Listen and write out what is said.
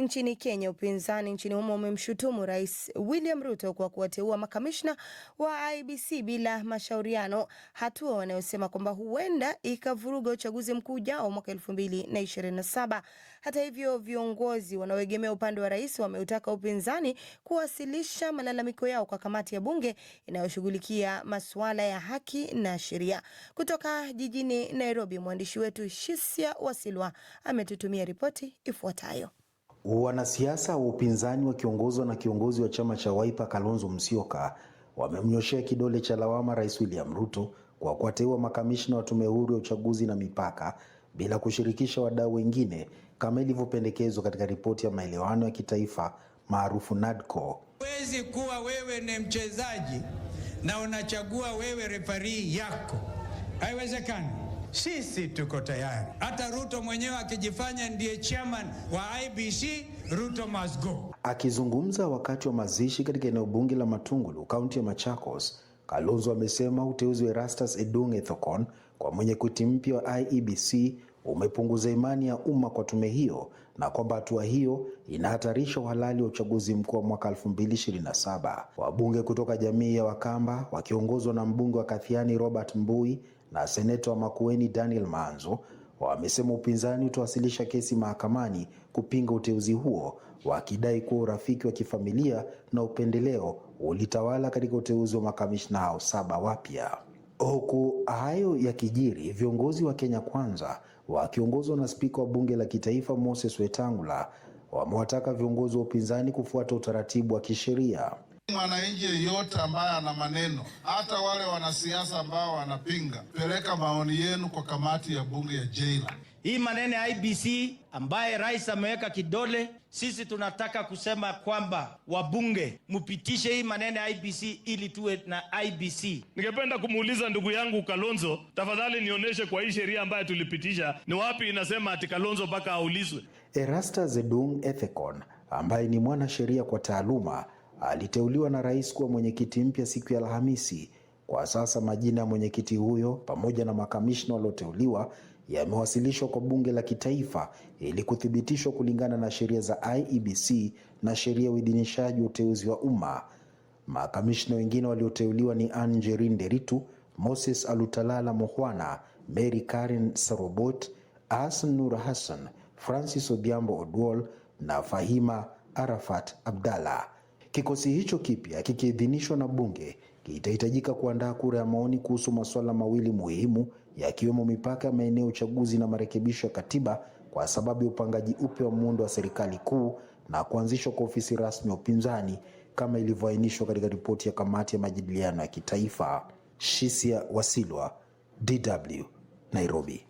Nchini Kenya, upinzani nchini humo umemshutumu Rais William Ruto kwa kuwateua makamishna wa ibc bila mashauriano, hatua wanayosema kwamba huenda ikavuruga uchaguzi mkuu ujao mwaka saba. Hata hivyo, viongozi wanaoegemea upande wa rais wameutaka upinzani kuwasilisha malalamiko yao kwa kamati ya bunge inayoshughulikia masuala ya haki na sheria. Kutoka jijini Nairobi, mwandishi wetu Shisia Wasilwa ametutumia ripoti ifuatayo. Wanasiasa wa upinzani wakiongozwa na kiongozi wa chama cha Wiper Kalonzo Musyoka wamemnyoshea kidole cha lawama Rais William Ruto kwa kuwateua makamishna wa tume huru ya uchaguzi na mipaka bila kushirikisha wadau wengine kama ilivyopendekezwa katika ripoti ya maelewano ya kitaifa maarufu NADCO. Huwezi kuwa wewe ni mchezaji na unachagua wewe refarii yako, haiwezekani sisi tuko tayari. Hata Ruto mwenyewe akijifanya ndiye chairman wa IBC, Ruto must go. Akizungumza wakati wa mazishi katika eneo bunge la Matungulu, kaunti ya Machakos, Kalonzo amesema uteuzi wa Erastus Edung Ethekon kwa mwenyekiti mpya wa IEBC umepunguza imani ya umma kwa tume hiyo na kwamba hatua hiyo inahatarisha uhalali wa uchaguzi mkuu wa mwaka 2027. Wabunge kutoka jamii ya Wakamba wakiongozwa na mbunge wa Kathiani Robert Mbui na seneta wa Makueni Daniel Manzo wamesema upinzani utawasilisha kesi mahakamani kupinga uteuzi huo, wakidai kuwa urafiki wa kifamilia na upendeleo ulitawala katika uteuzi wa makamishna hao saba wapya. Huku hayo yakijiri, viongozi wa Kenya Kwanza wakiongozwa na spika wa bunge la kitaifa Moses Wetangula wamewataka viongozi wa upinzani kufuata utaratibu wa kisheria. Mwananchi yeyote ambaye ana maneno, hata wale wanasiasa ambao wanapinga, peleka maoni yenu kwa kamati ya bunge ya jela. Hii maneno ya IBC ambaye rais ameweka kidole, sisi tunataka kusema kwamba wabunge mpitishe hii maneno ya IBC ili tuwe na IBC. Ningependa kumuuliza ndugu yangu Kalonzo, tafadhali nionyeshe kwa hii sheria ambayo tulipitisha ni wapi inasema ati Kalonzo mpaka aulizwe. Erasta Zedung Ethekon ambaye ni mwanasheria kwa taaluma aliteuliwa na rais kuwa mwenyekiti mpya siku ya Alhamisi kwa sasa majina ya mwenyekiti huyo pamoja na makamishna walioteuliwa yamewasilishwa kwa bunge la kitaifa ili kuthibitishwa kulingana na sheria za IEBC na sheria ya uidhinishaji wa uteuzi wa umma. Makamishna wengine walioteuliwa ni Angerin Deritu, Moses Alutalala Mohwana, Mary Karen Sarobot, Asn Nur Hassan, Francis Odhiambo Odwol na Fahima Arafat abdallah Kikosi hicho kipya kikiidhinishwa na bunge kitahitajika kuandaa kura ya maoni kuhusu masuala mawili muhimu yakiwemo mipaka ya maeneo uchaguzi na marekebisho ya katiba kwa sababu ya upangaji upya wa muundo wa serikali kuu na kuanzishwa kwa ofisi rasmi ya upinzani kama ilivyoainishwa katika ripoti ya kamati ya majadiliano ya kitaifa. Shisia Wasilwa, DW, Nairobi.